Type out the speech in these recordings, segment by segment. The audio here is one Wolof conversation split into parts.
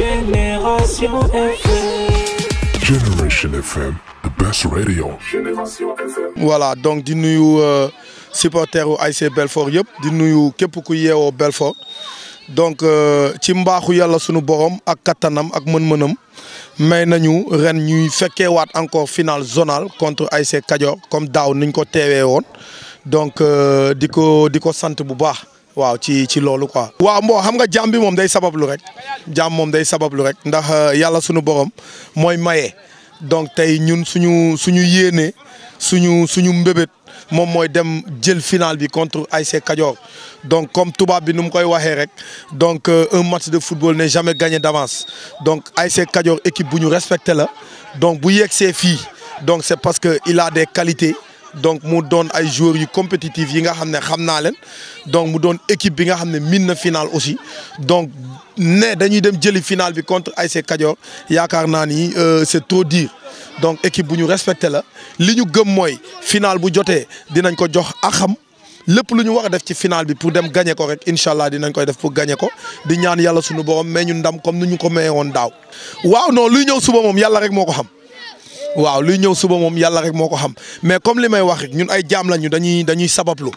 Génération FM. Generation FM, the best radio. Génération FM. voilà donc di nuyu euh, supporter wu ASC Belfort yëpp di nuyu képp ku yeewoo Belfort donc euh, ci mbaaxu yàlla sunu borom ak Katanam, ak mën-mënam may nañu ren ñuy wat encore finale zonale contre ASC Kajoor comme daw niñ ko téwé won donc diko euh, diko di bu baax waaw ci ci loolu quoi. waaw mboo xam nga jàmm bi moom day lu rek jàmm moom day lu rek ndax euh, yàlla suñu borom mooy maye donc tey ñun suñu suñu yéene suñu suñu mbébét moom mooy dem jël final bi contre ASC Kadior donc comme tubaab bi nu mu koy waxee rek donc euh, un match de football n'est jamais gagné d'avance donc ASC Kadior équipe bu ñu respecté la donc bu yegsee fii donc c'est parce que il a des qualités donc mu doon ay joueurs yu compétitifs yi nga xamné xamna len donc mu doon équipe bi nga xamné mine min na finale aussi donc né dañuy dem jëli finale bi contre ASC Kajoor yaakaar naa ni euh, c'est trop dire donc équipe bu ñu respecté la li ñu gëm moy finale bu joté dinañ ko jox axam lepp lu ñu wara def ci finale bi pour dem gagner ko rek inshallah dinañ koy def pour gagner ko di ñaan yalla suñu borom mais ñu ndam comme ni ñu ko mayé won daw waaw non luy ñew suba mom yalla rek moko xam waaw li ñëw suba moom yalla rek moko ko xam mais comme limay wax rek ñun ay jaam lañu dañuy dañuy sabablu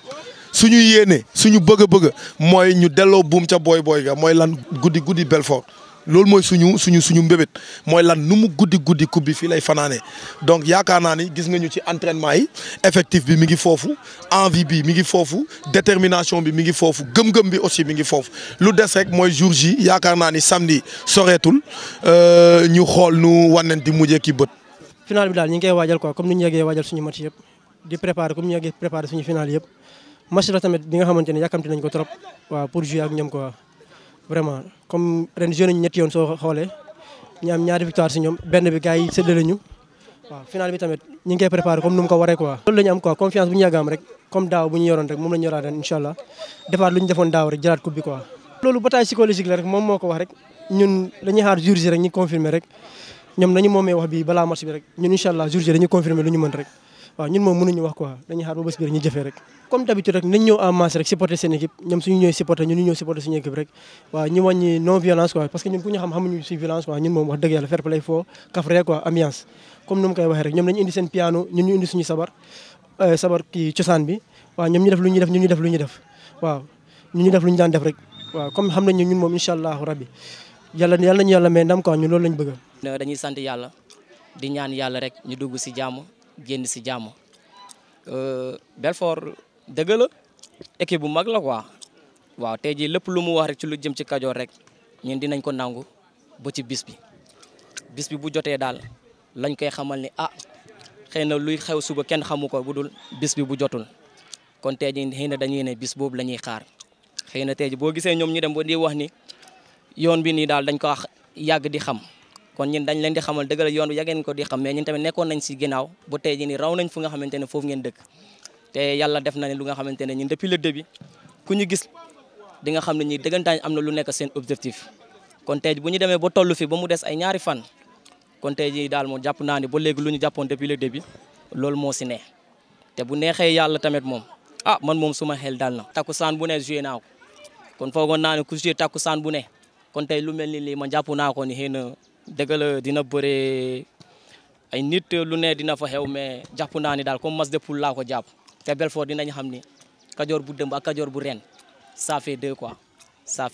suñu yéene suñu bëgg-bëgg moy ñu dello boom ca boy boy ga moy lan goudi goudi Belfort lool moy suñu suñu suñu mbébét moy lan numu goudi goudi kubi coupe bi lay fanané donc yaakaar ni gis nga ñu ci entraînement yi effectif bi mi ngi fofu envie bi mi ngi fofu détermination bi mi ngi fofu gëm-gëm bi aussi mi ngi fofu lu dess rek moy jour ji ni samedi soreetul euh, ñu xol nu wanen di ki bëtt final bi daal ñu ngi koy waajal quoi comme ni ñu yeggee waajal suñu match yëpp di préparer comme ñu yeggee préparer suñu final yëpp match la tamit bi nga xamante ko trop comme nañu ñetti yoon soo xoolee ñu am ñaari victoire si ñoom benn bi gars yi séddale ñu waaw final bi tamit ñu ngi koy préparer comme nu mu ko waree quoi loolu la am quoi confiance bu ñu yàgg rek comme daaw bu ñu yoroon rek moom la ñu yoraat ren incha allah defaat lu ñu defoon daaw ko wax rek ñun dañuy xaar jour ñoom nañu moomee wax bi balaa match bi rek ñun incha allah jour dañu confirmer lu ñu mën rek waaw ñun moom mënuñu bi rek ñu ñu ñëw ñu wàññi ñu xam xamuñu ñu indi suñu sabar euh, ñu def lu ñuy def ñun nañ ñun moom incha allahu rabbi yàlla yàlla nañu yàlla may ndam quoi ñun loolu lañ bëgg dañuy sant yàlla di ñaan yàlla rek ñu dugg si jàmm génn si jàmm euh, Belfort dëgg la équipe bu mag la ko waaw tey jii lépp lu mu wax rek ci lu jëm ci Kajoor rek ñun dinañ ko nangu ba ci bis bi bis bi bu jotee daal lañ koy xamal ni a ah, xëy na luy xew suba kenn xamu ko bu dul bis bi bu jotul kon tey jii xëy na dañuy ne bis boobu lañuy ñuy xaar xëy na boo gisee ñoom ñu dem ba di wax ni yoon bi nii daal dañ ko yàgg di xam kon ñun dañ leen di xamal dëgg la yoon bi yàgg ngeen ko di xam mais ñun tamit nekkoon nañ si ginnaaw ba tey jii nii raw nañ fu nga xamante ne foofu ngeen dëkk te yàlla def na ne lu nga xamante ne ñun depuis le début ku ñu gis di nga xam ne ñi dëggantaan am na lu nekk seen objectif kon tey bu ñu demee ba toll fi ba mu des ay ñaari fan kon tey jii daal moom jàpp naa ne ba léegi lu ñu jàppoon depuis le début loolu moo si ne te bu neexee yàlla tamit moom ah man moom suma xel daal na takkusaan bu ne joué naa ko kon foogoon naa ne ku joué takkusaan bu ne kon tey lu mel ni lii man jàpp naa ko ni xëy na dëgg la dina bëree ay nit lu ne dina fa xew mais jàpp naa ni daal kom mas de poule laa ko jàpp te dina dinañ xam ni kajoor bu dëmb ak kajoor bu ren ça fait deux quoi ça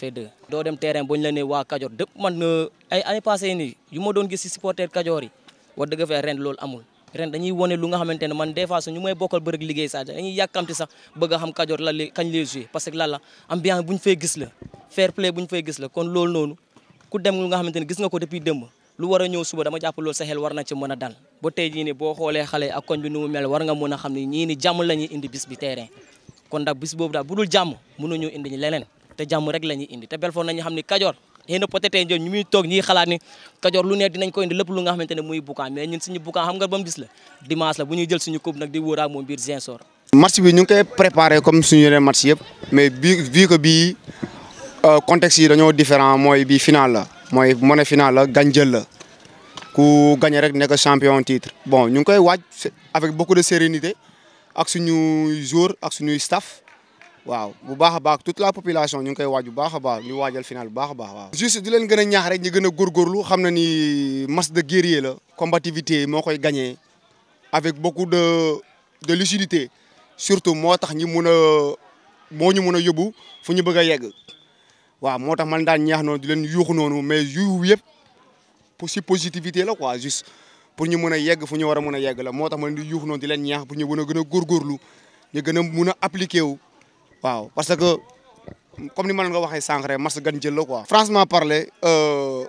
doo dem terrain bu la nee waa kajoor dëpp man euh, ay année passée nii yu ma doon gis si supporter kajoor yi wax dëgg fa ren loolu amul. ren dañuy wone lu nga xamante ne man des fois su ñu may bokkal bërëg liggéey saa dañuy yàkkamti sax bëgg a xam kajoor la kañ lay parce que lan la ambiance bu ñu fay gis la fair play bu ñu fay gis la kon loolu noonu. ku dem nga xamante ne gis nga ko depuis démb lu war a ñëw suba dama jàpp loolu sa xel war na ci mën a dal ba tey jii ni boo xoolee xale ak koñ bi nu mu mel war nga mën a xam ne ñii ni la ñuy indi bis bi terrain kon ndax bis boobu daal bu dul jàmm mënuñu indi leneen te jàmm rek la ñuy indi te Belfort nañu xam na peut-être tey ñu muy toog ñiy xalaat ni Kajoor lu ne dinañ ko indi lépp lu nga xamante ne muy Boucan mais ñun suñu Boucan xam nga ba mu la dimanche la bu ñuy jël suñu ñu Euh, contexte yi dañoo différent mooy bi final la mooy monnaie final la gañ jël la ku gagné rek nekk champion titre bon ñu ngi koy waaj avec beaucoup de sérénité ak suñuy jour ak suñuy staff waaw bu baax a baax toute la population ñu ngi koy waaj bu baax a baax ñu waajal final bu baax a baax waaw. juste di leen gën a ñaax rek ñu gën a góorgóorlu xam na ni masse de guerrier la combativité moo koy gagné avec beaucoup de de lucidité surtout moo tax ñi mun a moo ñu mun a yóbbu fu ñu bëgg a yegg. waaw moo tax man daan ñaax noonu di leen yuuxu noonu mais yuuxu yëpp pour si positivité la quoi juste pour ñu mën a yegg fu ñu war a mën a yegg la moo tax man di yuuxu noon di leen ñaax pour ñu mën a gën a góorgóorlu ñu gën a mun a appliqué wu waaw parce que comme ni ma leen ko waxee sànq rek match gan jël la quoi. franchement parler euh,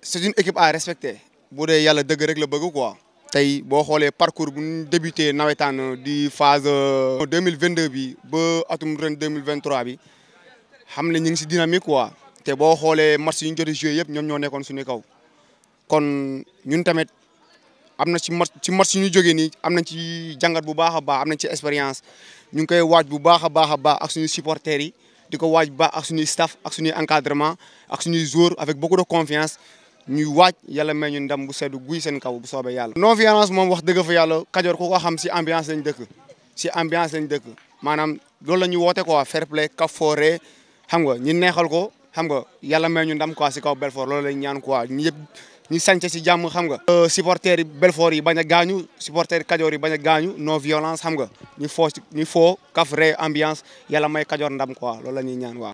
c'est une équipe à respecter bu dee yàlla dëgg rek la bëgg koi tey boo xoolee parcours bu ñu débuté nawetaan euh, di phase. 2022 euh, bi ba atum ren 2023 bi. xam ne ñu ngi si dynamique quoi té bo xolé match yi ñu jotté jouer yépp ñom ñoo nékkon suñu kaw kon ñun tamit amna ci match ci match yi ñu joggé ni amna ci jangat bu baaxa baax amna ci experience ñu ngi koy waaj bu baaxa baaxa baax ak suñu supporters yi diko waaj baax ak suñu staff ak suñu encadrement ak suñu joueurs avec beaucoup de confiance ñu waaj yalla may ñu ndam bu seddu guy seen kaw bu soobee yalla non violence mom wax deug fa yalla kadior ku ko xam ci ambiance lañ dëkk ci ambiance lañ dëkk manam loolu lañu ñu quoi fair play ka fooree xam nga ñu neexal ko xam nga yàlla may ñu ndam quoi si kaw Belfort loolu lañ ñaan quoi ñu yëpp ñu si jàmm xam nga. Euh, supporters yi Belfort yi bañ a gaañu supporters Kajoor yi bañ a gaañu non violence xam nga ñu foo ñu foo kaf ree ambiance yàlla may Kajoor ndam quoi loolu la ñuy ñaan waaw.